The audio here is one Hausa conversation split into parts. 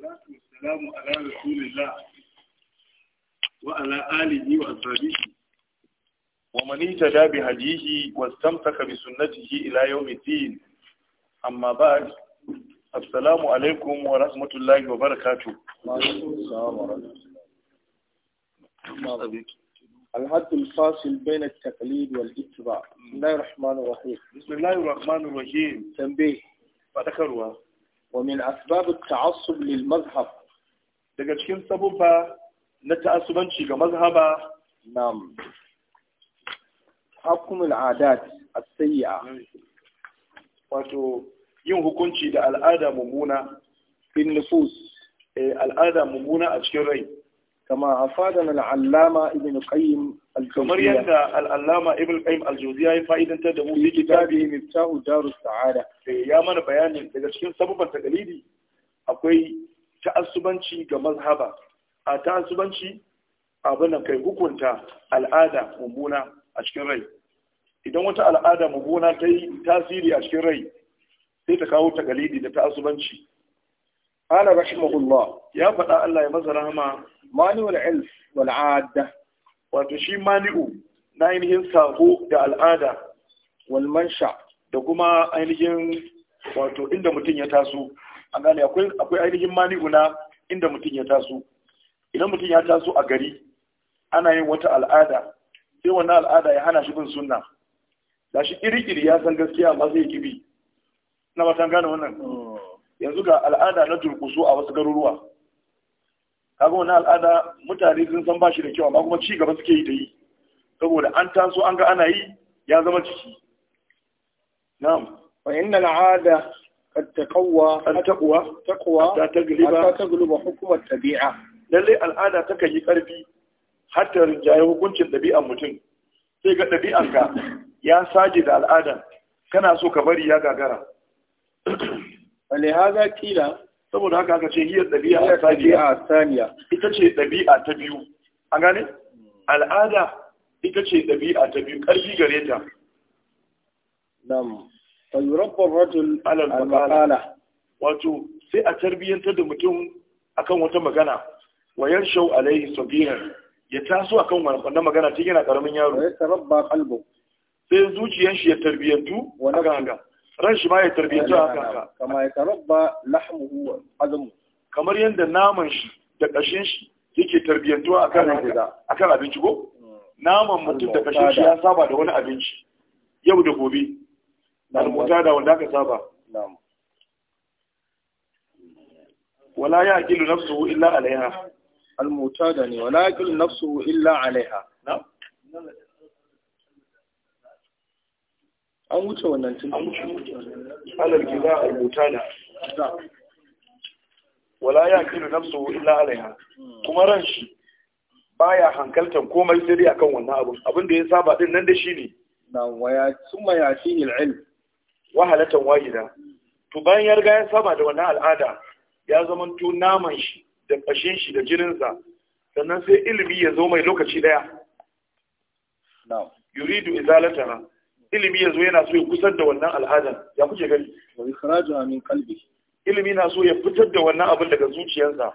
والصلاة والسلام على رسول الله وعلى آله وأصحابه ومن اهتدى بهديه واستمسك بسنته إلى يوم الدين أما بعد السلام عليكم ورحمة الله وبركاته وعليكم السلام ورحمة الله الحد الفاصل بين التقليد والاتباع بسم الله الرحمن الرحيم بسم الله الرحمن الرحيم تنبيه فذكروا ومن أسباب التعصب للمذهب daga cikin sabubba na ta'assubanci ga mazhaba nam hukum al'adat as-sayyi'a wato yin hukunci da al'ada mummuna bin nufus eh, al'ada mummuna a cikin rai kama afadan al'allama ibn qayyim kamar yadda al'allama ibn qayyim al yi ya fa'idantar da mu fi kitabi miftahu darus sa'ada eh, ya mana bayanin daga cikin sababan taqlidi akwai ta'assubanci ga mazhaba a ta'assubanci abin kai hukunta al'ada mummuna a cikin rai idan wata al'ada mummuna ta yi tasiri a cikin rai sai ta kawo taqlidi da ta'assubanci ala rahimahullah ya faɗa Allah ya masa rahama mani wal ilf wal adda wato shi mani'u na ainihin sako da al'ada walmansha da kuma ainihin wato inda mutum ya taso A gane akwai ainihin mani'u na inda mutum ya taso idan mutum ya taso a gari ana yin wata al'ada sai wannan al'ada ya hana shi bin sunna da shi iri-iri ya san gaskiya ba zai kibi na ba gane wannan oh. yanzu ga al'ada na turkusu a wasu garuruwa kaga wani al'ada mutane sun san bashi da kyau amma kuma ci gaba suke yi da yi saboda an taso an ga ana yi ya zama ciki. na'am wa inna al'ada qad taqawwa taqwa taqwa ta tagliba ta tagliba hukm tabia lalle al'ada ta kai karfi har ta rinjaye hukuncin dabi'an mutum sai ga ka ya saje da al'ada kana so ka bari ya gagara fa lihaza kila saboda haka aka ce hiyar ɗabi'a a saniya ita ce ɗabi'a ta biyu A gane hmm. al'ada ita ce ɗabi'a ta biyu ƙarfi gare ta nam fayurabbar rajul alal wato sai a tarbiyyantar da mutum akan wata magana wayan shau alaihi sabiran ya taso akan wannan magana tun yana ƙaramin yaro sai zuciyar shi ya tarbiyyantu wani haka ran shi ma ya tarbiyyanci a kanka kamar yadda naman shi da ƙashin shi yake tarbiyyantuwa a kan abinci ko mm. naman mutum da ƙashin shi ya saba da wani abinci yau da gobe da almuta da wanda aka saba wala ya aqilu nafsuhu illa alaiha almuta da ne wala ya aqilu nafsuhu illa alaiha an wuce wannan tun alal giza a rubuta da wala ya kiri nafsu illa alaiha kuma ran shi baya hankaltan komai sai dai akan wannan abun abin da ya saba din nan da shi ne na waya summa ya shi ilm wahalatan wahida to bayan ya riga ya saba da wannan al'ada ya zama to naman shi da fashin shi da jinin sa, sannan sai ilimi ya zo mai lokaci daya yuridu izalatana ilimi ya zo yana so ya kusar da wannan al'adar. ya kuke gani wa min ilimi na so ya fitar da wannan abin daga zuciyarsa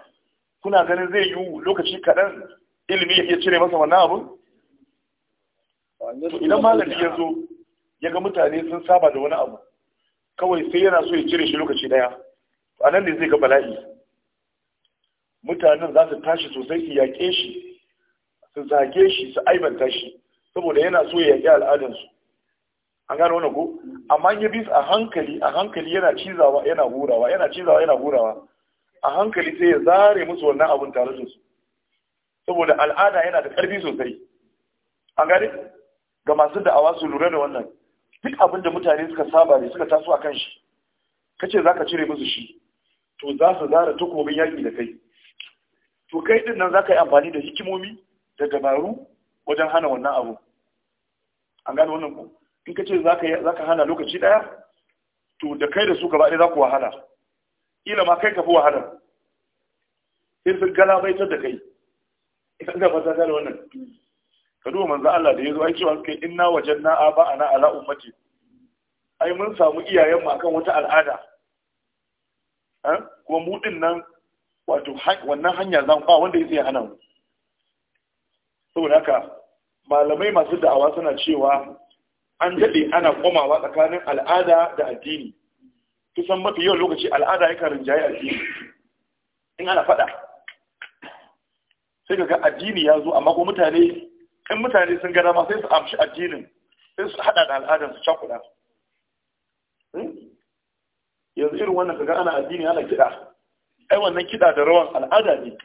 kuna ganin zai yi lokaci kaɗan ilimi ya iya cire masa wannan abin idan malami ya zo ya ga mutane sun saba da wani abu kawai sai yana so ya cire shi lokaci daya a nan ne zai ga bala'i mutanen za su tashi sosai su yaƙe shi su zage shi su aibanta shi saboda yana so ya yaƙi al'adarsu. an gano wani ko amma ya bi a hankali a hankali yana cizawa yana hurawa yana cizawa yana hurawa a hankali sai ya zare musu wannan abun tare da su saboda al'ada yana da ƙarfi sosai an gane ga masu da'awa su lura da wannan duk abin da mutane suka saba ne suka taso a kan shi kace zaka cire musu shi to za su zara takobin yaƙi da kai to kai din nan zaka yi amfani da hikimomi da dabaru wajen hana wannan abu an gane wannan ko in ka ce za ka hana lokaci ɗaya to da kai da su gaba ɗaya za ku wahala ila ma kai ka fi wahala sai sun galabaitar da kai idan da fata da wannan ka duba manzan Allah da yazo ai cewa kai inna wajanna a ana ala ummati ai mun samu iyayen akan wata al'ada kuma mu din nan wato wannan hanya zan ba wanda ya hana mu saboda haka malamai masu da'awa suna cewa an daɗe ana komawa tsakanin al'ada da addini kusan mafi yawan lokaci al'ada yakan rinjaye addini in ana faɗa sai ga addini ya zo amma ko mutane in mutane sun gana ma sai su amshi addinin sai su haɗa da al'adar su cakuɗa hmm? yanzu irin wannan kaga ana addini ana kiɗa ai wannan kiɗa da rawan al'ada ne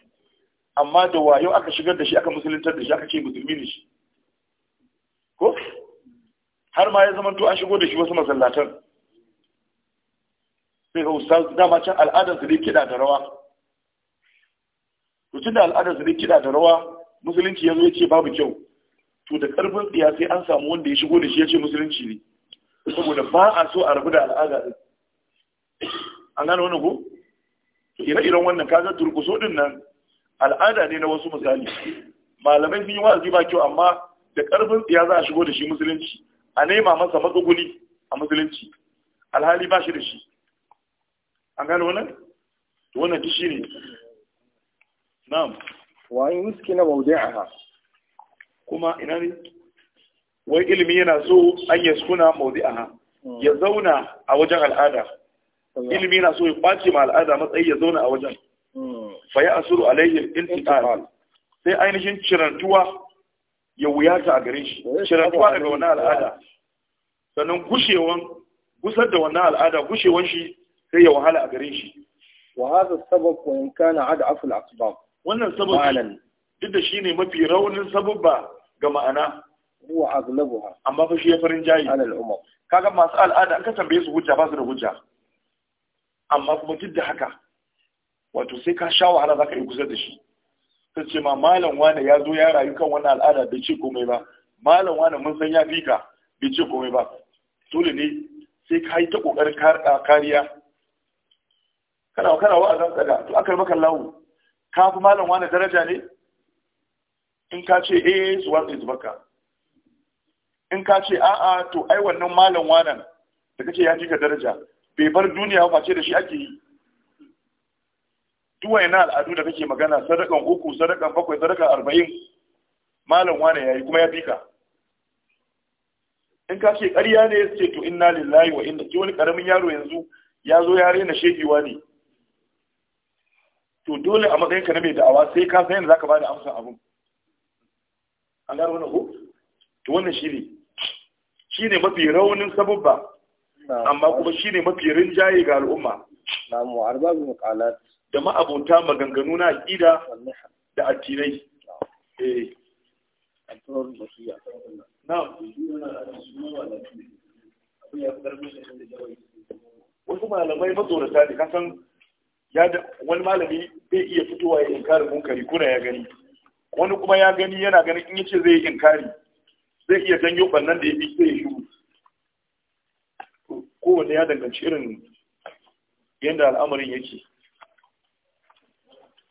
amma da wayo aka shigar da shi aka musuluntar da shi aka ce musulmi ne shi ko har ma ya zamanto an shigo da shi wasu masallatan sai ga ustaz dama can al'adar su ne kiɗa da rawa to tunda al'adar su ne kiɗa da rawa musulunci yanzu ya ce babu kyau to da karfin tsiya sai an samu wanda ya shigo da shi ya ce musulunci ne saboda ba a so a rabu da al'ada din an gane wani ko to ire-iren wannan kaga turkuso din nan al'ada ne na wasu misali malamai sun yi wa'azi ba kyau amma da karfin tsiya za a shigo da shi musulunci a nema masa matsuguni a musulunci alhali ba shi da shi an gano wannan to wannan duk ne na'am wa in a mawdi'aha kuma ina ne wai ilimi yana so an a mawdi'aha hmm. ya zauna a wajen al'ada ilimi yana so ya kwace ma al'ada matsayi ya zauna a wajen hmm. fa ya asuru alaihi intiqal sai ainihin cirantuwa ya wuyata a gare shi shirantuwa daga wannan al'ada sannan gushewan gusar da wannan al'ada gushewan shi sai ya wahala a gare shi wa hadha sabab wa in kana ad'af aful asbab wannan sababi duk da shine mafi raunin sababba ga ma'ana huwa aglabuha amma fa shi ya farin jayi alal umma kaga masu al'ada an ka tambaye su hujja ba su da hujja amma kuma duk da haka wato sai ka sha wahala zaka yi gusar da shi sai ce ma malam wane ya zo ya rayu kan wannan al'ada bai ce komai ba malam wane mun san ya fika bai ce komai ba dole ne sai ka yi ta kokarin kariya kana kana wa'azin tsada to aka maka lawo ka fi malam wane daraja ne in ka ce eh su watsa su baka in ka ce a'a to ai wannan malam wane da kace ya fi ka daraja bai bar duniya ba ce da shi ake yi duk wayan al'adu da kake magana sadakan uku sadakan bakwai sadakan arba'in malam wane yi kuma ya fi ka. in ka ce ƙarya ne ya ce to inna lillahi wa inna wani ƙaramin yaro yanzu ya zo ya rena shegewa ne to dole a matsayin ka na mai da'awa sai ka san yadda zaka bada amsa abun an gano wannan ko to wannan shine shine mafi raunin sabubba amma kuma shine mafi rinjaye ga al'umma na mu arbabul muqalat da ma'abota maganganu na aƙida da addinai eh wasu malamai matsorata ne kasan wani malami bai iya fitowa ya inkari munkari kuna ya gani wani kuma ya gani yana ganin in yace zai yi inkari zai iya janyo bannan da ya fi sai ya shigo kowanne ya danganci irin yadda al'amarin yake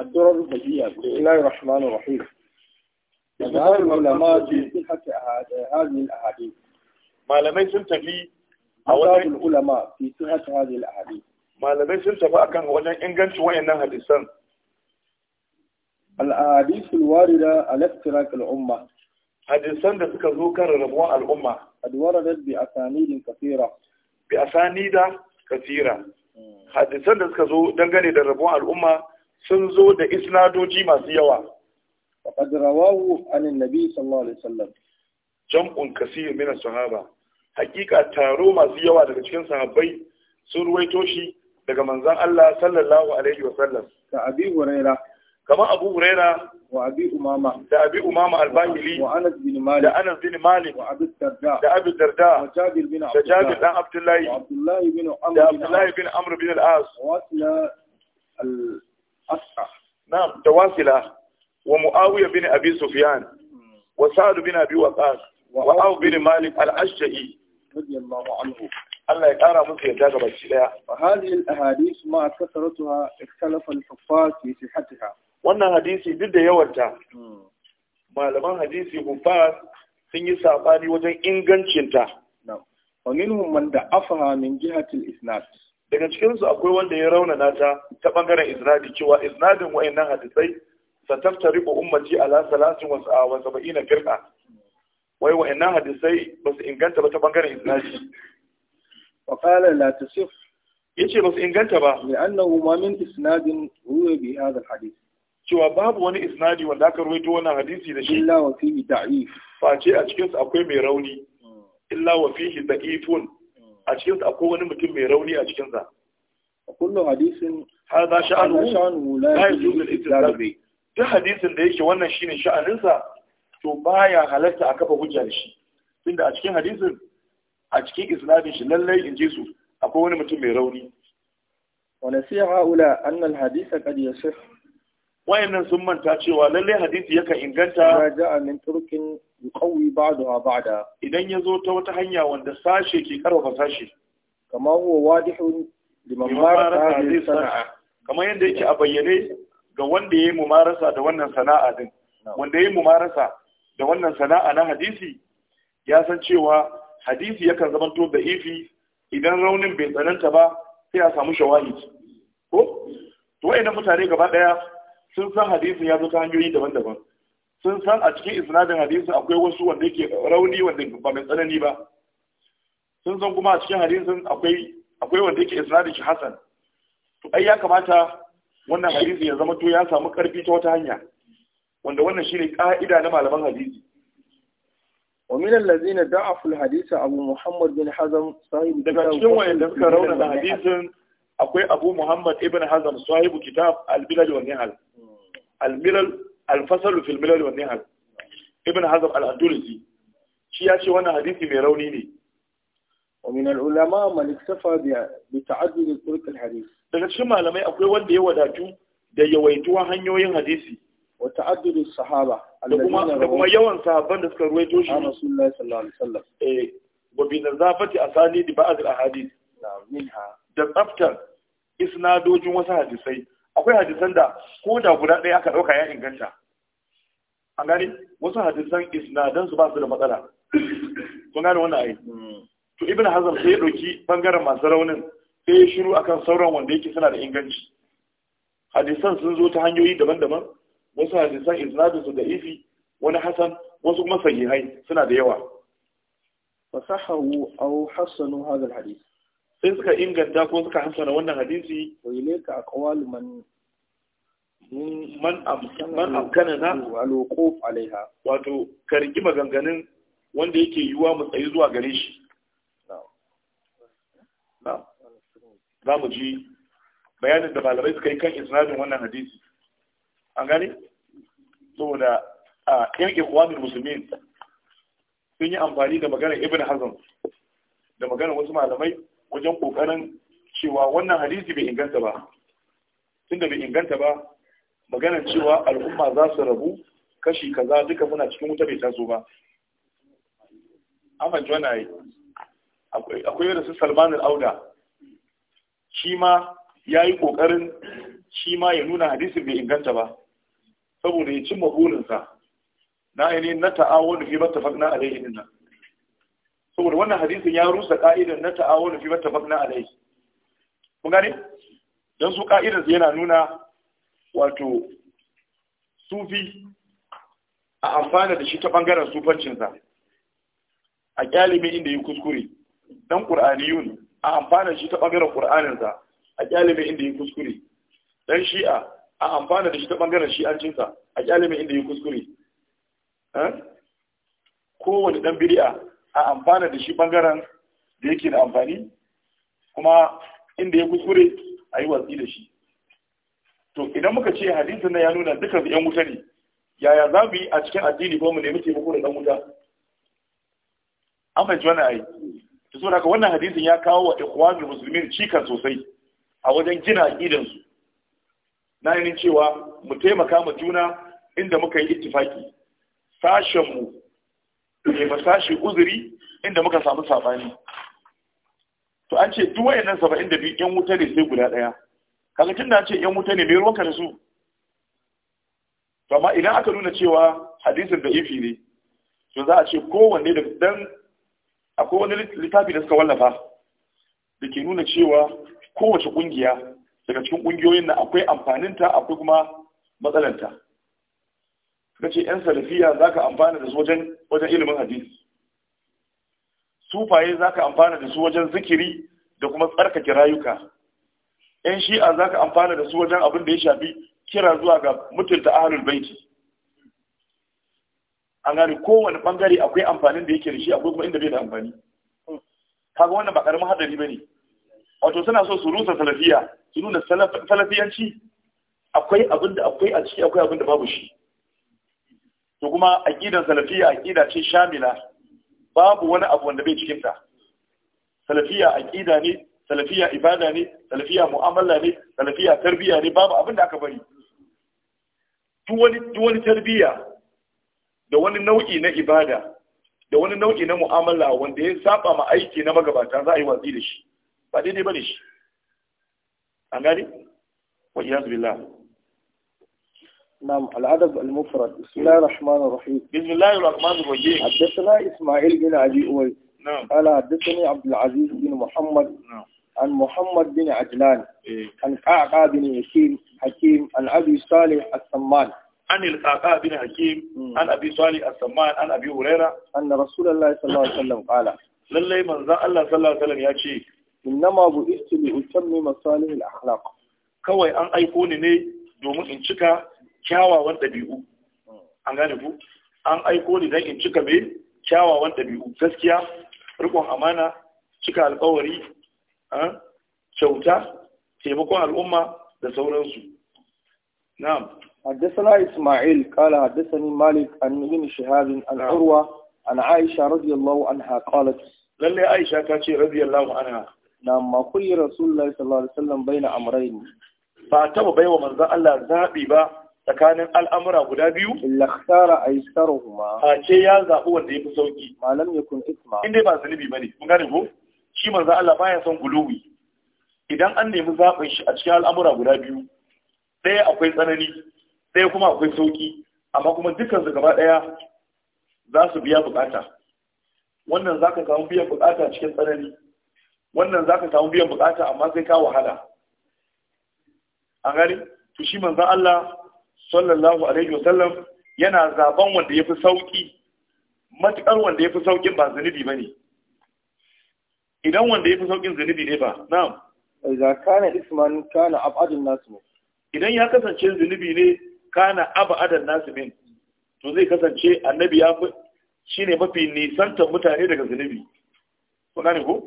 الدرر البديع بسم الله الرحمن الرحيم هذا العلماء في صحة هذه الأحاديث ما لم يسمت في أصاب العلماء في صحة هذه الأحاديث ما لم يسمت فأكن وجن إنجن شوية إنها لسان الأحاديث الواردة على افتراك الأمة هذه السنة تكذوكر ربوع الأمة قد وردت بأسانيد كثيرة بأسانيد كثيرة هذه السنة تكذو دنقني الأمة sun zo da isnadoji masu yawa faqad rawahu anin nabi sallallahu alaihi wasallam jam'un kasir min sahaba hakika taro masu yawa daga cikin sahabbai sun ruwaito shi daga manzon Allah sallallahu alaihi wasallam ka abi huraira kama abu huraira wa abi umama da abi umama al-bahili wa anas bin malik da anas bin malik wa abi darda da abi darda wa jabir bin abdullah da jabir dan abdullahi wa abdullahi bin amr bin al-as wa asla na'am wa muawiya bin abi sufyan wa sa'd bin abi wa aw bin malik al-ashja'i radiyallahu anhu Allah ya kara musu yadda ga baki daya fa hadhihi al-ahadith ma kasaratuha ikhtalafa al-huffaz fi sihhatiha wannan hadisi duk da yawanta malaman hadisi huffaz sun yi sabani wajen ingancinta wa minhum man da'afaha min jihati al-isnad daga cikinsu akwai wanda ya raunana ta ta bangaren iznadi cewa isnadin wayannan hadisai sataftariqu ummati ala salatin wa na firqa wai wayannan hadisai ba su inganta ba ta bangaren iznadi wa qala la tusif yace ba su inganta ba li'annahu ma min isnadin huwa bi hadha hadith cewa babu wani isnadi wanda aka rawaito wannan hadisi da shi illa wa fihi da'if face a cikinsu akwai mai rauni hmm. illa wa fihi da'ifun a cikin sa akwai wani mutum mai rauni a cikin sa kullum hadisin hadha sha'anu sha'anu la yujuz al-istidlal bi hadisin da yake wannan shine sha'anin sa to baya halatta a kafa hujja da shi tunda a cikin hadisin a cikin islamin shi lallai in ji su akwai wani mutum mai rauni wa nasiha ula anna al-hadith qad yasih nan sun manta cewa lallai hadisi yakan inganta idan ja'a min turkin yuqawi ba'da idan yazo ta wata hanya wanda sashe ke karfafa sashe kama huwa wadihun liman marasa hadhihi sana'a kama yanda yake a bayyane ga wanda yayi mumarasa da wannan sana'a din wanda yayi mumarasa da wannan sana'a na hadisi ya san cewa hadisi yakan to da ifi idan raunin bai tsananta ba sai a samu shawahi ko to wayan mutane gaba daya sun san hadisin ya zo ta hanyoyi daban-daban sun san a cikin isnadin hadisin akwai wasu wanda yake rauni wanda ba mai tsanani ba sun san kuma a cikin hadisin akwai akwai wanda yake isnadin shi hasan to ai ya kamata wannan hadisi ya zama to ya samu karfi ta wata hanya wanda wannan shine ka'ida na malaman hadisi wa min allazina da'afu al-hadisa abu muhammad bin hazam sahibi daga cikin wanda suka rauna hadisin akwai abu muhammad ibn hazm sahibu kitab al-milal wa nihal al-milal al-fasal fi al-milal wa nihal ibn hazm al-andalusi shi ya ce wannan hadisi mai rauni ne iktafa bi من اكتفى turuq al-hadith daga cikin malamai akwai wanda ya wadatu da yawaituwa hanyoyin hadisi wa ta'addud sahaba da kuma yawan sahabban da suka ruwaito shi annabi sallallahu alaihi wasallam eh wa bi nazafati asanid ba'd al ahadith na minha da tsaftar isnadojin wasu hadisai akwai hadisan da ko da guda ɗaya aka ɗauka ya inganta an gane wasu hadisan isnadan ba su da matsala kun gane wannan ai hmm. to ibn hazm sai ya ɗauki bangaren masu raunin sai ya shiru akan sauran wanda yake suna da inganci hadisan sun zo ta hanyoyi daban-daban wasu hadisan isnadin su da ifi wani hasan wasu kuma sahihai suna da yawa fasahahu aw hasanu hadha alhadith sai suka inganta ko suka hasana wannan hadisi wa ka aqwalu man man man amkanana al-wuquf alaiha wato karki maganganun wanda yake yiwuwa mu tsayi zuwa gare shi za mu ji bayanin da malamai suka yi kan isnadin wannan hadisi an gane saboda a yan ikwamin musulmin sun yi amfani da maganar ibn hazm da maganar wasu malamai wajen kokarin cewa wannan hadisi bai inganta ba tunda bai inganta ba maganar cewa al'umma za su rabu kashi kaza duka muna cikin wuta bai taso ba amma jona yi akwai yadda su salman auda shi ma ya yi ƙoƙarin shi ma ya nuna hadisi bai inganta ba saboda ya cimma burinsa na ainihin na ta'awon da fi bata tafakna a laihin nan saboda wannan hadisin ya rusa ka'idar na ta'awun fi na alayhi kun gane dan su ka'idar yana nuna wato sufi a amfana da shi ta bangaren sufancinsa a kyalimi inda yi kuskure dan qur'aniyun a amfana da shi ta bangaren ƙur'aninsa, a kyalimi inda yi kuskure dan shi'a a amfana da shi ta bangaren shi'ancinsa a kyalimi inda yi kuskure eh? kowane dan bid'a a amfana da shi bangaren da yake da amfani kuma inda ya kuskure a yi watsi da shi to idan muka ce hadisin na ya nuna dukkan 'yan wuta ne yaya za mu yi a cikin addini ko mu nemi taimako da dan wuta an fahimci wannan ayi to saboda haka wannan hadisin ya kawo wa ikhwanul muslimin cikan sosai a wajen gina aqidan su na yin cewa mu taimaka ma juna inda muka yi ittifaki sashen mu ya ba sashi uzuri inda muka samu sabani to an ce duk wayannan saba'in da biyu yan wuta ne sai guda ɗaya kaga tun da an ce yan wuta ne mai ruwanka da su to amma idan aka nuna cewa hadisin da ifi ne to za a ce kowanne da dan akwai wani littafi da suka wallafa da ke nuna cewa kowace kungiya daga cikin kungiyoyin na akwai amfaninta akwai kuma matsalanta kace yan salafiya zaka amfana da su wajen wajen ilimin hadisi sufaye zaka amfana da su wajen zikiri da kuma tsarkake rayuka yan shi'a zaka amfana da su wajen abin da ya shafi kira zuwa ga mutunta ahlul baiti an gane kowane bangare akwai amfanin da yake da shi akwai kuma inda bai da amfani kaga wannan ba karamin hadari bane wato suna so su rusa salafiya su nuna salafiyanci akwai abin da akwai a ciki akwai abin da babu shi to kuma aqidan salafiyya aqida ce shamila babu wani abu wanda bai cikin ta salafiyya aqida ne salafiyya ibada ne salafiyya mu'amala ne salafiyya tarbiyya ne babu abin da aka bari duk wani duk wani tarbiyya da wani nau'i na ibada da wani nau'i na mu'amala wanda ya saba ma aiki na magabata za a yi watsi da shi ba daidai bane shi an gane wa Iyazu billah نعم الأدب المفرد بسم الله الرحمن الرحيم بسم الله الرحمن الرحيم حدثنا إسماعيل بن أبي أويس نعم قال حدثني عبد العزيز بن محمد نعم عن محمد بن عجلان إيه؟ عن قعقاع بن حكيم حكيم عن أبي صالح السمان عن القعقاع بن حكيم عن أبي صالح السمان عن أبي هريرة أن رسول الله صلى الله عليه وسلم قال للي من ذا الله صلى الله عليه وسلم يأتي إنما بئست لأتمم مصالح الأخلاق kawai an aiko ni ne domin in cika kyawawan ɗabi'u an gane ku an aiko ni dan in cika me kyawawan ɗabi'u gaskiya rikon amana cika alƙawari, kyauta taimakon al'umma da sauransu na'am حدثنا إسماعيل قال حدثني مالك عن ابن شهاب عن عروة عن عائشة رضي الله عنها قالت للي عائشة تاتي رضي الله عنها نعم ما قل رسول الله صلى الله عليه وسلم بين أمرين فأتم بين ومن ذا الله ذهبي با tsakanin al'amura guda biyu Illa aisaruhuma a ce ya zaɓi wanda ya fi sauƙi. malam ya kun isma inda ba zunubi ba ne. mun gane ko shi manzo Allah baya son guluwi idan an nemi zaɓin shi a cikin al'amura guda biyu ɗaya akwai tsanani ɗaya kuma akwai sauƙi, amma kuma dukkan su gaba ɗaya za su biya buƙata. wannan za ka samu biyan buƙata cikin tsanani wannan za ka samu biyan buƙata amma sai ka wahala a gari to shi manzo Allah sallallahu alaihi wasallam yana zaben wanda yafi sauki matukar wanda yafi saukin ba zunubi bane idan wanda yafi saukin zunubi ne ba na'am idan kana isman kana abadun nasu idan ya kasance zunubi ne kana abadun nasu min to zai kasance annabi ya fi shine mafi nisantar mutane daga Ko na ne ko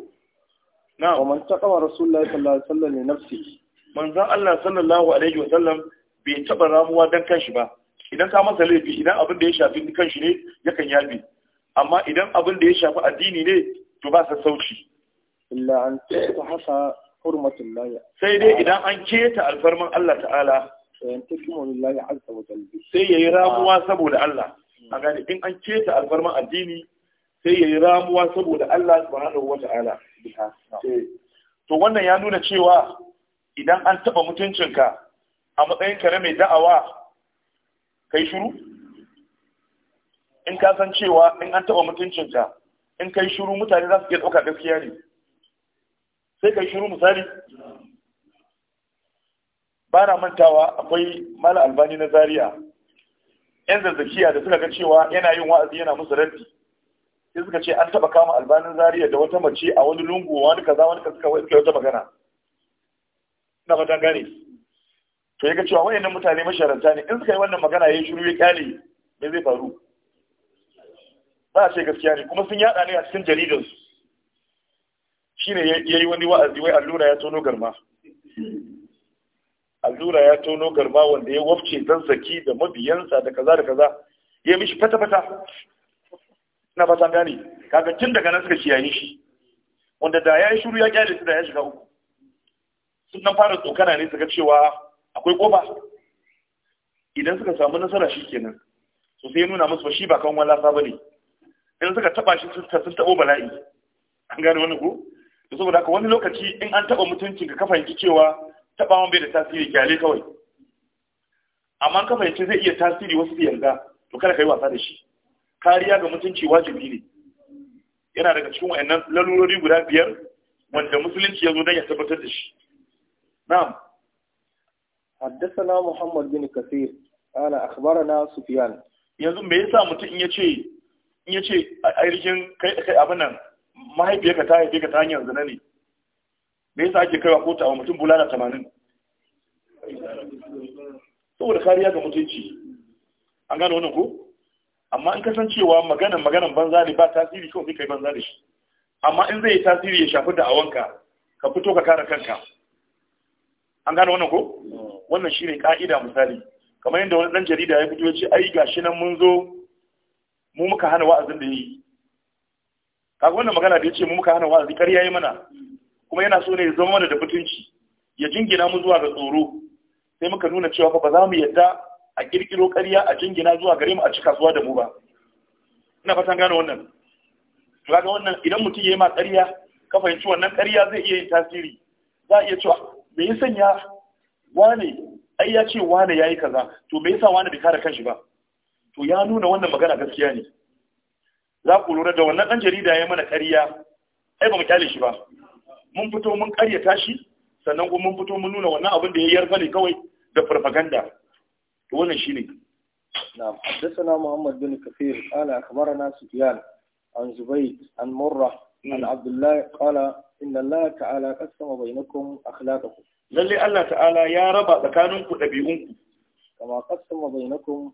na'am wa man taqwa rasulullahi sallallahu alaihi wasallam ne nafsi manzon Allah sallallahu alaihi wasallam bai taɓa ramuwa don kanshi ba idan ka masa laifi idan abin da ya shafi kanshi ne ya yakan yabe amma idan abin da ya shafi addini ne to ba sassauci illa sai dai idan an keta alfarman Allah ta'ala sai ya yi ramuwa saboda Allah a gani in an keta alfarman addini sai ya yi ramuwa saboda Allah subhanahu wa ta'ala eh. to wannan ya nuna cewa idan an taɓa mutuncinka a matsayin kare na mai da'awa kai shiru in ka san cewa in an taba mutuncinka in kai shiru mutane za su iya ɗauka gaskiya ne sai kai shiru misali ba na mantawa akwai mala albani na Zariya. yan zazzakiya da suka ga cewa yana yin wa'azi yana musu raddi sai suka ce an taba kama albanin Zariya da wata mace a wani lungu wani kaza wani kaza suka wata magana na fatan gane to yaga cewa wayannan mutane masharanta ne in suka yi wannan magana yayin shiru ya kyale me zai faru ba a ce gaskiya ne kuma sun yada ne a cikin jaridar su shine yayi wani wa'azi wai allura ya tono garma allura ya tono garma wanda ya wafce dan zaki da mabiyansa da kaza da kaza ya mishi fata fata na fata gani kaga tun daga nan suka kiyaye shi wanda da ya yi shiru ya kyale su da ya shiga uku sun nan fara tsokana ne suka cewa akwai kofa idan suka samu nasara shi kenan so sai ya nuna musu shi ba kan wala fa bane idan suka taba shi sun tabo bala'i an gane wani ko to saboda haka wani lokaci in an taba mutuncin ka kafa yake cewa tabawan bai da tasiri kyale kawai amma kafa yake zai iya tasiri wasu su yarda to kada ka yi wasa da shi kariya ga mutunci wajibi ne yana daga cikin wayannan lalurori guda biyar wanda musulunci ya zo don ya tabbatar da shi na'am حدثنا محمد بن كثير قال أخبرنا سفيان yanzu me yasa mutum in yace in yace ainihin kai kai abin nan mahaifiyarka ta haife ka ta hanyar zina ne me yasa ake kaiwa kotu wa mutum bulala tamanin? saboda kariya ga mutunci an gano wannan ko amma in kasancewa maganan maganan banza ne ba tasiri kawai kai banza da shi amma in zai yi tasiri ya shafi da awanka ka fito ka kare kanka an gano wannan ko wannan shine ka'ida misali kamar yadda wani dan jarida ya fito ya ce ai gashi nan mun zo mu muka hana wa'azin da yi kaga wannan magana da ya ce mu muka hana wa'azi kar yi mana kuma yana so ne ya zama mana da mutunci ya jingina mu zuwa ga tsoro sai muka nuna cewa fa ba za mu yadda a kirkiro karya a jingina zuwa gare mu a cika kasuwa da mu ba ina fatan gane wannan to kaga wannan idan mutum ya yi ma kafa ka fahimci wannan karya zai iya yin tasiri za a iya cewa me ya sanya wane ai ya ce wane ya yi kaza to me yasa wane bai kare kanshi ba to ya nuna wannan magana gaskiya ne za ku lura da wannan ɗan jarida ya mana ƙarya ai ba mu kyale shi ba mun fito mun ƙaryata shi sannan kuma mun fito mun nuna wannan abin da ya yarfa ne kawai da farfaganda to wannan shine na'am haddathana Muhammad bin Kafir qala na Sufyan an Zubayr an Murrah an hmm. Abdullah qala inna Allah ta'ala qasama bainakum akhlaqakum lalle Allah ta'ala ya raba tsakaninku ɗabi'unku kama kasama bainakum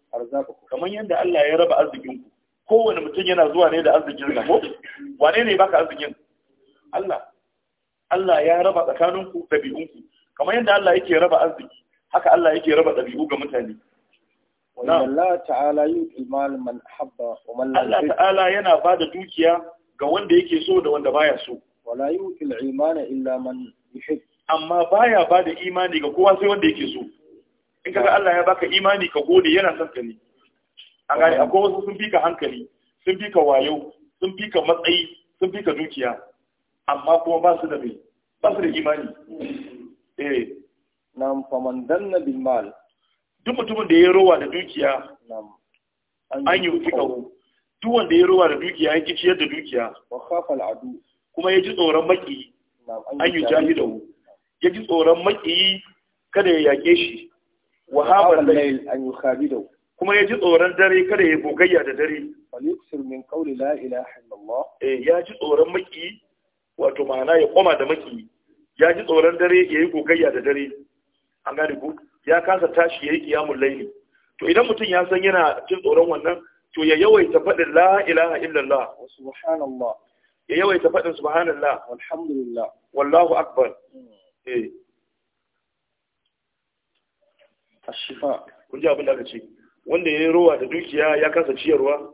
yanda Allah ya raba arzikinku kowane mutum yana zuwa ne da arzikin sa ko wane ne baka arzikin Allah Allah ya raba tsakaninku ɗabi'unku kamar yadda Allah yake raba arziki haka Allah yake raba ɗabi'u ga mutane Allah ta'ala yu'til mal man habba wa man Allah ta'ala yana bada dukiya ga wanda yake so da wanda baya so wala yu'til imana illa man yuhibbu amma baya ba da imani ga kowa sai wanda yake so in kaga Allah ya baka imani ka gode yana son ka ne a gani akwai wasu sun fika hankali sun fika wayo sun fika matsayi sun fika dukiya amma kuma ba su da mai ba su da imani eh nam faman danna bil mal duk mutumin da ya rowa da dukiya an yi fika duk wanda ya rowa da dukiya ya ki ciyar da dukiya wa khafa al adu kuma ya ji tsoron maki an yi jahidahu ya ji tsoron makiyi kada ya yaƙe shi wa haɓar layl an yukhabidu kuma ya ji tsoron dare kada ya gogayya da dare wal yuksir min qawli la ilaha eh, ya ji tsoron makiyi wato ma'ana ya koma da makiyi ya ji tsoron dare ya yi gogayya da dare an gane ku ya kasa tashi ya yi kiyamun laini. to idan mutum ya san yana jin tsoron wannan to ya yawaita faɗin la ilaha illallah wa subhanallah ya yawaita faɗin subhanallah walhamdulillah wallahu akbar hmm. Eh. ashifa kun ji abin da aka ce wanda ya yi ruwa da dukiya ya kasa ciyarwa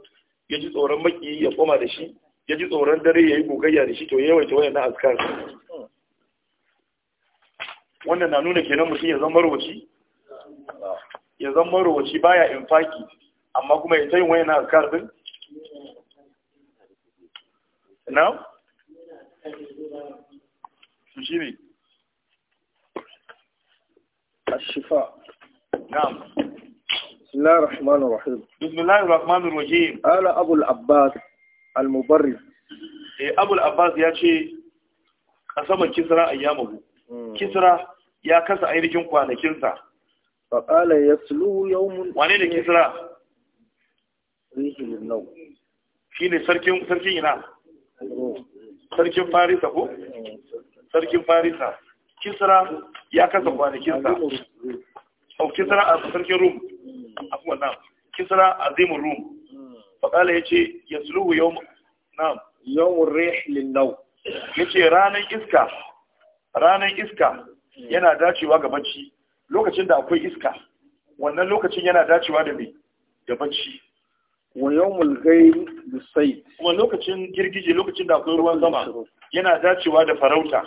ya ji tsoron maki ya koma da shi ya ji tsoron dare ya yi gogayya da shi to yawaita wayan na askar wannan na nuna kenan mutum ya zama marowaci ya zama marowaci baya infaki amma kuma ya tayin wayan na askar din na? su shi ne الشفاء نعم بسم الله الرحمن الرحيم بسم الله الرحمن الرحيم قال أبو العباس المبرز أبو العباس يا شيء قسم كسرى أيامه كسرى يا كسى رجل قوانا كنسى فقال يسلو يوم وانين كسرى ريح للنوم فين سركين سركين هنا سركين فارسة هو سركين فارسة kisra ya kasa kwanakinsa au kisra a sarkin rum kuma nan kisra azimin rum faƙala ya ce ya suluhu yau nan yau rihlin nau ya ce ranar iska ranar iska yana dacewa ga bacci lokacin da akwai iska wannan lokacin yana dacewa da mai da bacci wa mulgai da sai kuma lokacin girgije lokacin da akwai ruwan sama yana dacewa da farauta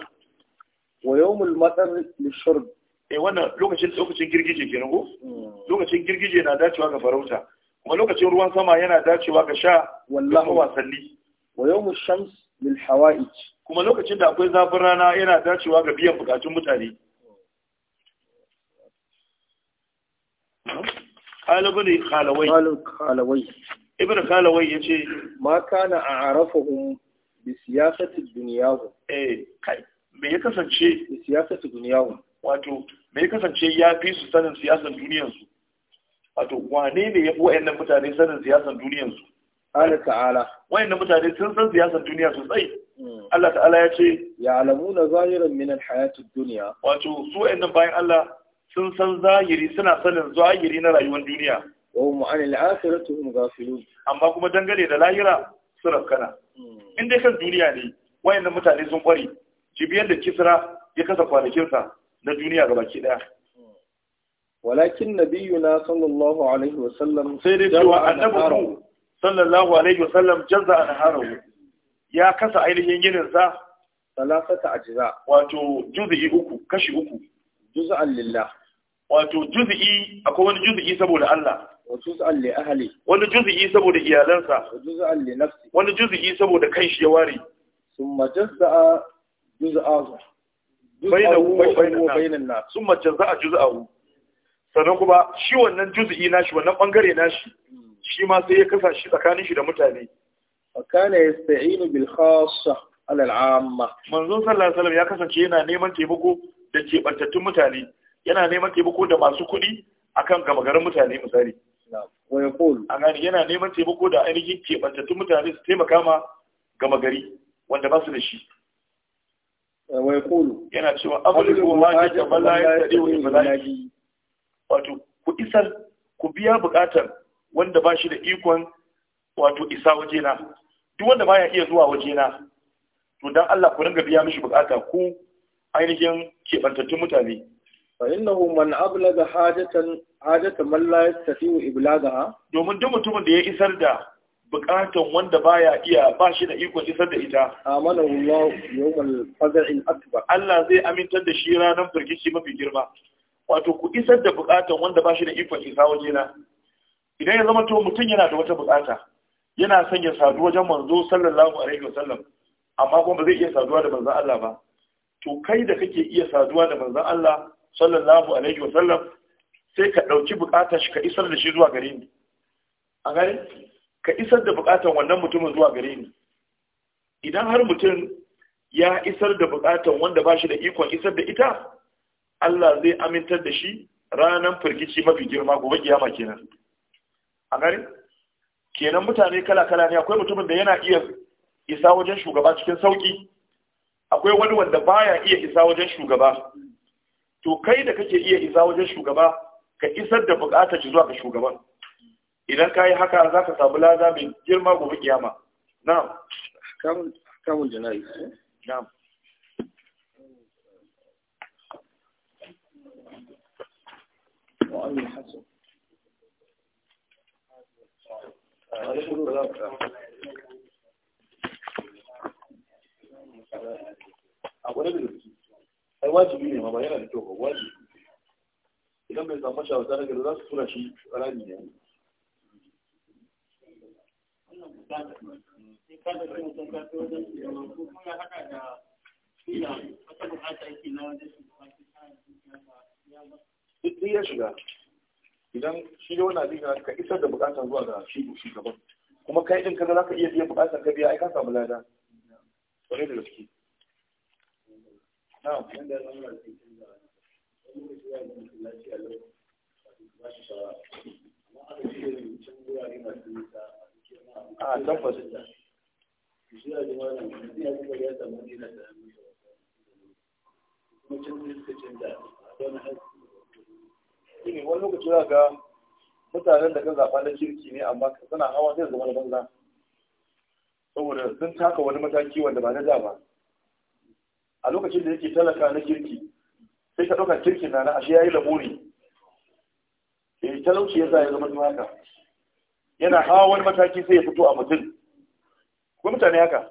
wa yawmul matar lishurb eh wannan lokacin lokacin girgije ke ko hmm. lokacin girgije na dacewa ga farauta kuma lokacin ruwan sama yana dacewa ga sha wallahi wasanni wa yawmul shams lil hawaij kuma lokacin da akwai zafin rana yana dacewa ga biyan bukatun mutane Kalibin Kalawai. Kalawai. Ibn Kalawai ya ce, Ma kana a arafahun bi siyasatin duniyahu. Eh, me ya kasance siyasar duniya wato me ya kasance ya fi su sanin siyasar su wato wane ne ya fi mutane sanin siyasar su Allah ta'ala wayannan mutane sun san siyasar duniya sosai hmm. Allah ta'ala ya ce ya na zahirin minan hayatun duniya. wato su wayannan bayan Allah sun san zahiri suna sanin zahiri na rayuwar duniya wa mu an al-akhirati hum amma kuma dangane da lahira su rafkana hmm. in dai kan duniya ne wayannan mutane sun kware cibiyar da kisra ya kasa kwanakinsa na duniya ga baki daya walakin na sallallahu alaihi wasallam sai dai cewa annabi sallallahu alaihi wasallam jazza an harahu ya kasa ainihin ginin sa salasata ajza wato juz'i uku kashi uku juz'an lillah wato juz'i akwai wani juz'i saboda Allah juz'an li ahli wani juz'i saboda iyalansa juz'an li nafsi wani juz'i saboda kai shi ya ware summa jazza'a juz'ahu bainahu wa bainahu bainan nas summa sannan kuma shi wannan juz'i nashi wannan bangare nashi shi ma sai ya kasa shi tsakanin shi da mutane kana yasta'inu bil khassa ala al amma manzon sallallahu alaihi wasallam ya kasance yana neman taimako da kebantattun mutane yana neman taimako da masu kuɗi akan gama garin mutane misali wa yaqul anani yana neman taimako da ainihin kebantattun mutane su taimaka ma gama gari wanda ba su da shi wa yaqulu yana cewa abulu ma ta taballa ya tadi wa ibadahi wato ku isar ku biya bukatar wanda ba shi da ikon wato isa waje na duk wanda baya iya zuwa waje na to dan Allah ku ringa biya mishi bukata ku ainihin kebantattun mutane fa innahu man ablaga hajatan hajatan man la yastati'u iblagaha domin duk mutumin da ya isar da bukatan wanda baya iya ba shi da ikon isar da ita amana Allah yawmal faz'il akbar Allah zai amintar da shi ranar firgici mafi girma wato ku isar da bukatan wanda ba shi da ikon isa waje na idan ya zama to mutum yana da wata bukata yana son ya sadu wajen manzo sallallahu alaihi wasallam amma kuma ba zai iya saduwa da manzon Allah ba to kai da kake iya saduwa da manzon Allah sallallahu alaihi wasallam sai ka dauki bukatar shi ka isar da shi zuwa gare ni a gare ka isar da bukatan wannan mutumin zuwa gare ni idan har mutum ya isar da bukatan wanda ba shi da ikon isar da ita Allah zai amintar da shi ranar firgici mafi girma gobe kiyama kenan a gari kenan mutane kala-kala ne akwai mutumin da yana iya isa wajen shugaba cikin sauki akwai wani wanda baya iya isa wajen shugaba to kai da kake iya isa wajen shugaba ka isar da bukatar zuwa ga shugaban idan ka yi haka za ka samu laza mai girma gobe kiyama na'am kamun jana'i eh? na'am A الحسن ai wajibi ne ma ba yana da kyau ba wajibi idan bai samu shawarta daga da za su tura shi rami ne duk ya shiga idan shi da wani abin ka isar da bukatar zuwa ga shi shugaban kuma kai din za ka iya biyan bukatar ka biya ai ka samu lada kwarai da gaske na'am amma aka ce can wurare masu nisa a tabbas shine wani lokaci za ga mutanen da kan zaɓa na kirki ne amma suna hawa zai zama na banza saboda sun taka wani mataki wanda ba na da ba a lokacin da yake talaka na kirki sai ka ɗaukar kirkin na na ashe ya yi labori eh talauci ya sa ya zama haka yana hawa wani mataki sai ya fito a mutum ko mutane haka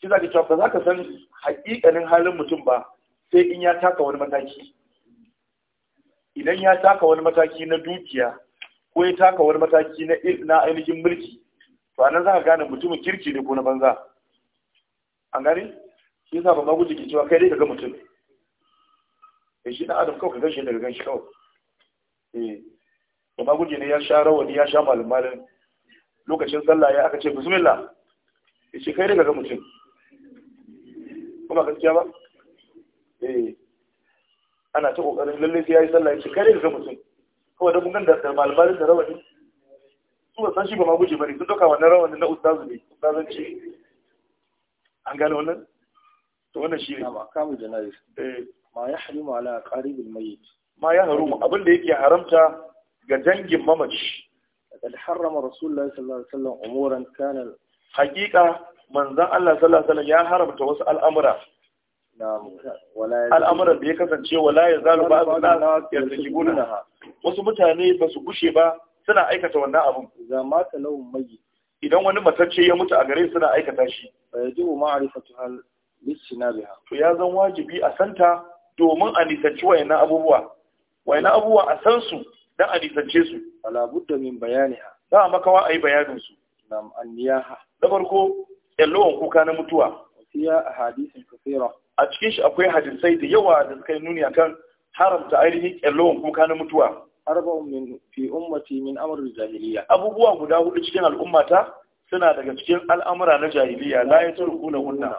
shi za ka cewa ba za ka san haƙiƙanin halin mutum ba sai in ya taka wani mataki idan ya taka wani mataki na dukiya ko ya taka wani mataki na na ainihin mulki to anan za ka gane mutumin kirki ne ko na banza an gane shi yasa ba ma guje ke cewa kai dai ka ga mutum eh shi na adam kawai ka gan shi daga gan shi kawai eh ba ma guje ne ya sha rawani ya sha malamalin lokacin sallah ya aka ce bismillah ya ce kai daga ga mutum kuma gaskiya ba eh ana ta kokarin lalle sai yayi sallah ya ce kai daga ga mutum Kuma da mun ganda da malamalin da rawani su ba san shi ba ma guje bane sun doka wannan rawani na ustazu ne ce an gane wannan to wannan shi ne kamun janaris eh. ma ya harimu ala qaribil mayyit ma ya harimu abin da yake haramta ga dangin mamaci kad harrama rasulullahi sallallahu alaihi wasallam umuran kana haqiqa manzon Allah sallallahu alaihi wasallam ya haramta wasu al'amura al'amuran da ya kasance wala ya zalu ba su wasu mutane ba su gushe ba suna aikata wannan abun ta idan wani matacce ya mutu a gare suna aikata shi hal to ya zan wajibi a santa domin a nisanci wayannan abubuwa wayannan abubuwa a san su dan a nisance su ala budda min Za a makawa ayi bayanin su nam anniyaha Na farko yallowar kuka na mutuwa a ahadisin kathira a cikin shi akwai hadisai da yawa da suka yi nuni akan haramta ainihin yallowar kuka na mutuwa arba'un min fi ummati min amr jahiliya abubuwa guda hudu cikin al'ummata suna daga cikin al'amura na jahiliya la ya turku na wunna.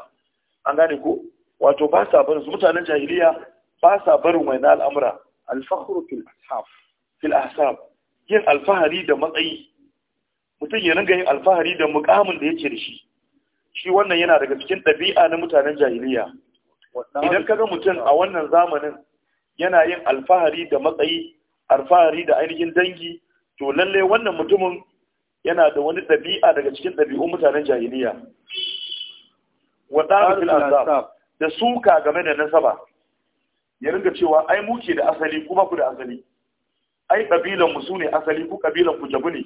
an gane ko wato ba sa barin mutanen jahiliya ba sa barin wani al'amura Alfakhru fil ashaf fil ahsab yin alfahari da matsayi mutum ya ringa yin alfahari da mukamin da yake da shi shi wannan yana daga cikin ɗabi'a na mutanen jahiliya idan kaga mutum a wannan zamanin yana yin alfahari da matsayi alfahari da ainihin dangi to lalle wannan mutumin yana da wani ɗabi'a daga cikin ɗabi'un mutanen jahiliya waɗanda fil da suka game da nasaba ya ringa cewa ai muke da asali kuma ku da asali ai kabilan mu su asali ku kabilan ku jabu ne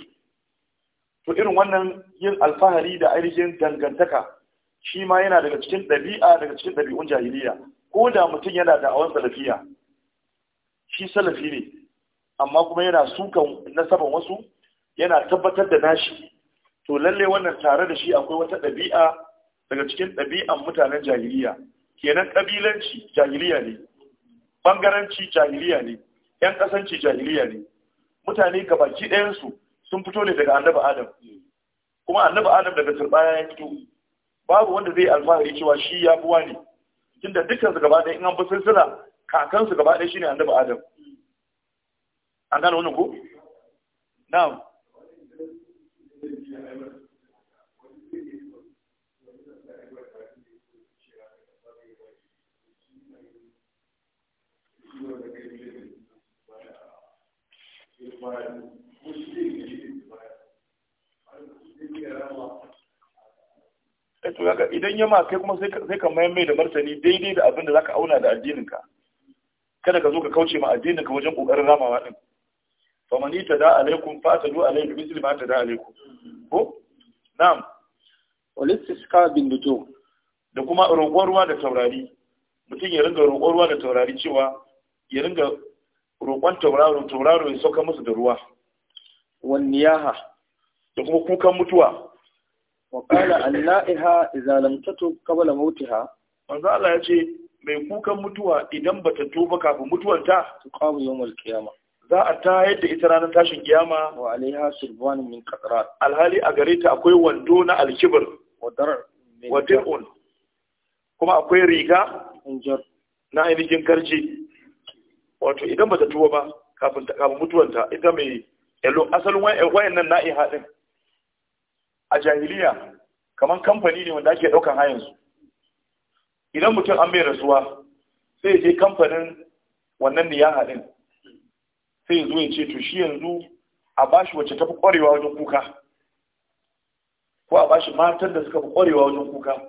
to irin wannan yin alfahari da ainihin dangantaka shi ma yana daga cikin ɗabi'a daga cikin ɗabi'un jahiliya ko da mutum yana da awon salafiya shi salafi ne amma kuma yana sukan nasaban wasu yana tabbatar da nashi to lalle wannan tare da shi akwai wata ɗabi'a daga cikin ɗabi'an mutanen jahiliya kenan kabilanci jahiliya ne ɓangaranci jahiliya ne yan kasanci jahiliya ne mutane gabaki ɗayansu sun fito ne daga annabi adam kuma annabi adam daga turbaya ya fito babu wanda zai alfahari cewa shi ya fi wani tunda dukkan su gaba ɗaya in an bi silsila kakan su gaba ɗaya shine annabi adam an gane wannan ko na'am Eto eh, ya idan ya ma kai kuma sai ka mayar mai da martani daidai da abin da ka auna da addininka kada ka zo ka kauce ma addininka wajen ƙoƙarin ramawa ɗin, 'Famani man itada alaikum Fata atadu alaihi misli ma atada alaikum ko na'am walistisqa bin nujum da kuma roƙon ruwa da taurari mutum ya ringa roƙon ruwa da taurari cewa ya ringa roƙon tauraro tauraro ya sauka musu da ruwa ya ha? da kuma kukan mutuwa wa qala annaiha idza lam tatub mauti mautiha wanzu Allah ya ce mai kukan mutuwa idan ba ta tuba kafin mutuwarta tuqamu yawmal qiyamah za a ta yadda ita ranar tashin kiyama wa alaiha sulbani min qatrat alhali a gare ta akwai wando na alkibir wa kuma akwai riga na ainihin karje wato idan ba ta tuwa ba kafin mutuwanta ita mai yalo asalin wayan eh, nan na'i haɗin. a jahiliya kamar kamfani ne wanda ake ɗaukan su idan mutum an mai rasuwa sai je kamfanin wannan ya haɗin. sai zo ya ce to shi yanzu a bashi wacce tafi kwarewa wajen kuka ko a bashi matan da suka fi kwarewa wajen kuka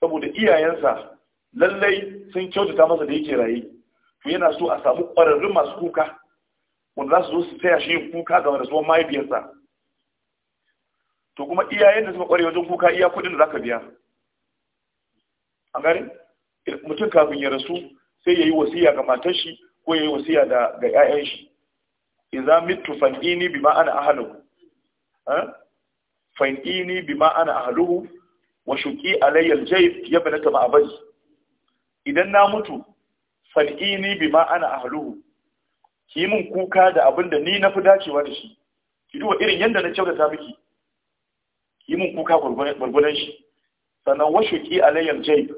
saboda iyayensa lallai sun kyautata masa da yake raye yana so a samu ƙwararrun masu kuka wanda za su zo su taya shi yin kuka ga da tsohon mahaifiyarsa to kuma iyayen da suka ƙware wajen kuka iya kuɗin da za ka biya an gari mutum kafin ya rasu sai ya yi wasiya ga matar shi ko ya yi wasiya da ga 'ya'yan shi idza mittu fan'ini ma ana ahluhu fan'ini bima ana ahluhu eh? wa shuki alayya al-jayb ya idan na mutu bi ma ana ahluhu ki min kuka da abin da ni nafi dacewa da shi ki duba irin yanda na kyautata miki ki min kuka gurgurdan shi sannan washuki alayyal jayi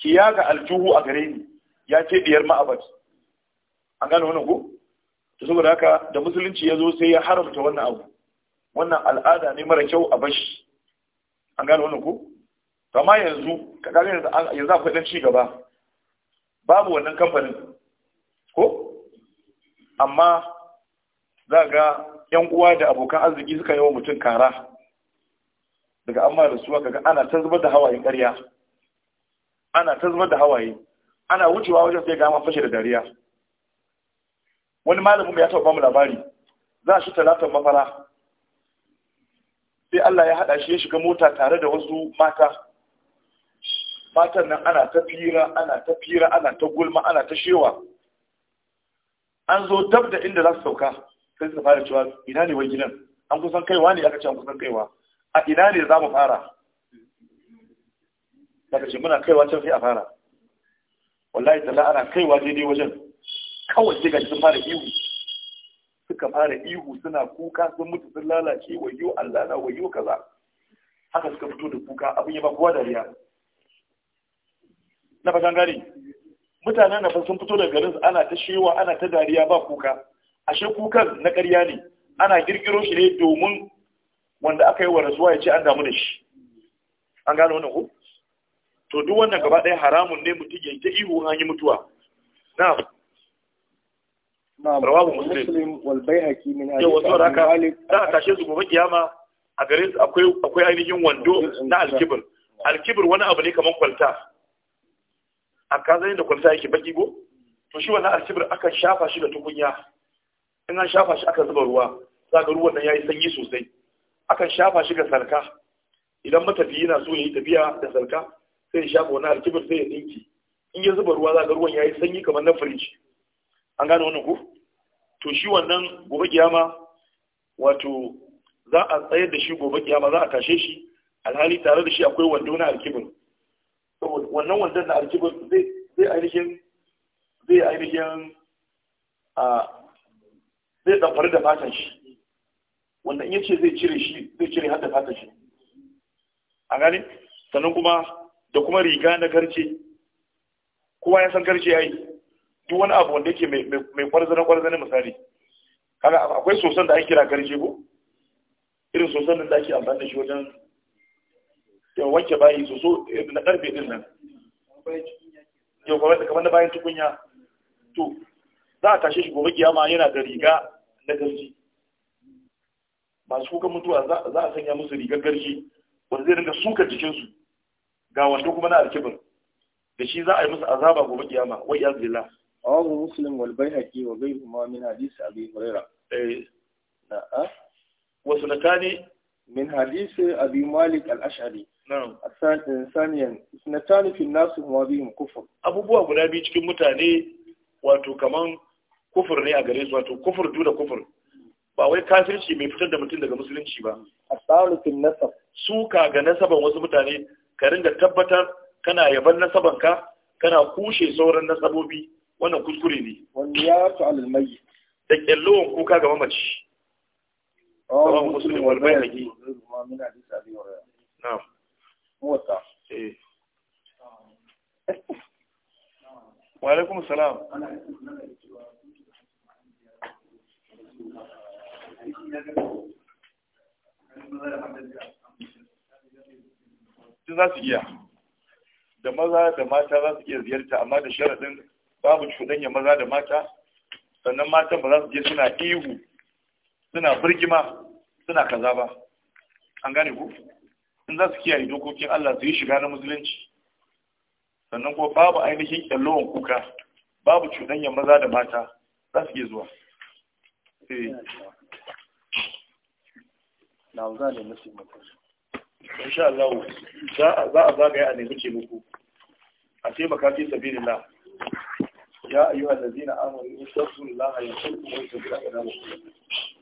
ki yaga aljuhu a gare ni ya ce diyar ma'abat an gane wannan ko to saboda haka da musulunci ya zo sai ya haramta wannan abu wannan al'ada ne mara kyau a bashi an gane wannan ko amma yanzu ka gane yanzu akwai dan ci gaba babu wannan kamfanin ko amma za ga yan uwa da abokan arziki suka yi wa mutum kara daga amma da suwa kaga ana ta zubar da hawaye ƙarya ana ta zubar da hawaye ana wucewa wajen sai gama fashe da dariya wani malamin ya taɓa mu labari za shi talatan mafara sai Allah ya haɗa shi ya shiga mota tare da wasu mata fatan nan ana ta fira ana ta fira ana ta gulma ana ta shewa an zo dab da inda za su sauka sai su fara cewa ina ne wani gidan an kusan kaiwa ne aka ce an kusan kaiwa a ina ne za mu fara daga ce muna kaiwa can sai a fara wallahi tala ana kaiwa daidai wajen kawai sai gaji sun fara ihu suka fara ihu suna kuka sun mutu sun lalace wayo Allah na wayo kaza haka suka fito da kuka abin ya ba kowa dariya na fatan mutanen na sun fito daga garin ana ta shewa ana ta dariya ba kuka ashe kukan na ƙarya ne ana girgiro shi ne domin wanda aka yi wa rasuwa ya ce an damu da shi an gano wannan ko to duk wannan gaba ɗaya haramun ne mutum ya ta ihu an yi mutuwa na rawabu muslim wal baihaqi min hadith a tashe su gobe kiyama a garin akwai akwai ainihin wando na alkibir alkibir wani abu ne kamar kwalta a kazan yadda kwalta yake baki go to shi wannan alkibir akan shafa shi da tukunya in an shafa shi aka zuba ruwa za ga ruwan nan yayi sanyi sosai akan shafa shi ga salka idan matafiyi na so yayi tafiya da salka sai ya shafa wannan alkibir sai ya dinki in ya zuba ruwa za ga ruwan yayi sanyi kamar na firiji an gane wannan ko to shi wannan gobe kiyama wato za a tsayar da shi gobe kiyama za a tashe shi alhali tare da shi akwai wando na alkibir wannan wanda na aljibar zai zai ainihin zai ainihin a zai damfari da fatan shi wanda in yace zai cire shi zai cire har da fatan shi a gani sannan kuma da kuma riga na garce kowa ya san garce yi, duk wani abu wanda yake mai kwarzana kwarzana misali kaga akwai sosan da ake kira garce ko irin sosan da ake amfani da shi wajen yau wanke bayi so so eh, na karfe din nan yau kamar kamar na bayan tukunya to za a tashe shi gobe kiyama yana da riga na garji masu kuka mutuwa za a sanya musu rigar garji wanda zai ringa suka jikinsu ga wanda kuma na alkibir da shi za a yi musu azaba gobe kiyama wai ya zila awu muslim wal baihaqi wa gai ghayruhuma min hadisi abi hurairah eh na'a wa sunatani min hadisi abi malik al-ash'ari Eh, saniyan na tanifin nasu mazihin kufur abubuwa guda biyu cikin mutane wato kaman kufur ne a gare su wato kufur da kufur ba wai kafirci mai fitar da mutum daga musulunci ba asalufin nasab su ka ga nasaban wasu mutane ka ringa tabbatar kana yaban nasaban ka kana kushe sauran nasabobi wannan kuskure ne wanda ya wato alalmai da kyallon kuka ga mamaci. Oh, Musulun walmai da ke. Na'am. muwatta eh wa alaikum salam za su iya da maza da mata za su iya ziyarta amma da sharaɗin babu cuɗanya maza da mata sannan matan ba za su je suna ihu suna birgima suna kaza ba an gane ku in za su kiyaye dokokin Allah su yi shiga na musulunci sannan kuma babu ainihin kyallon kuka babu cuɗanyar maza da mata za su iya zuwa eh. insha Allah za a zagaya a nemi a wa lakum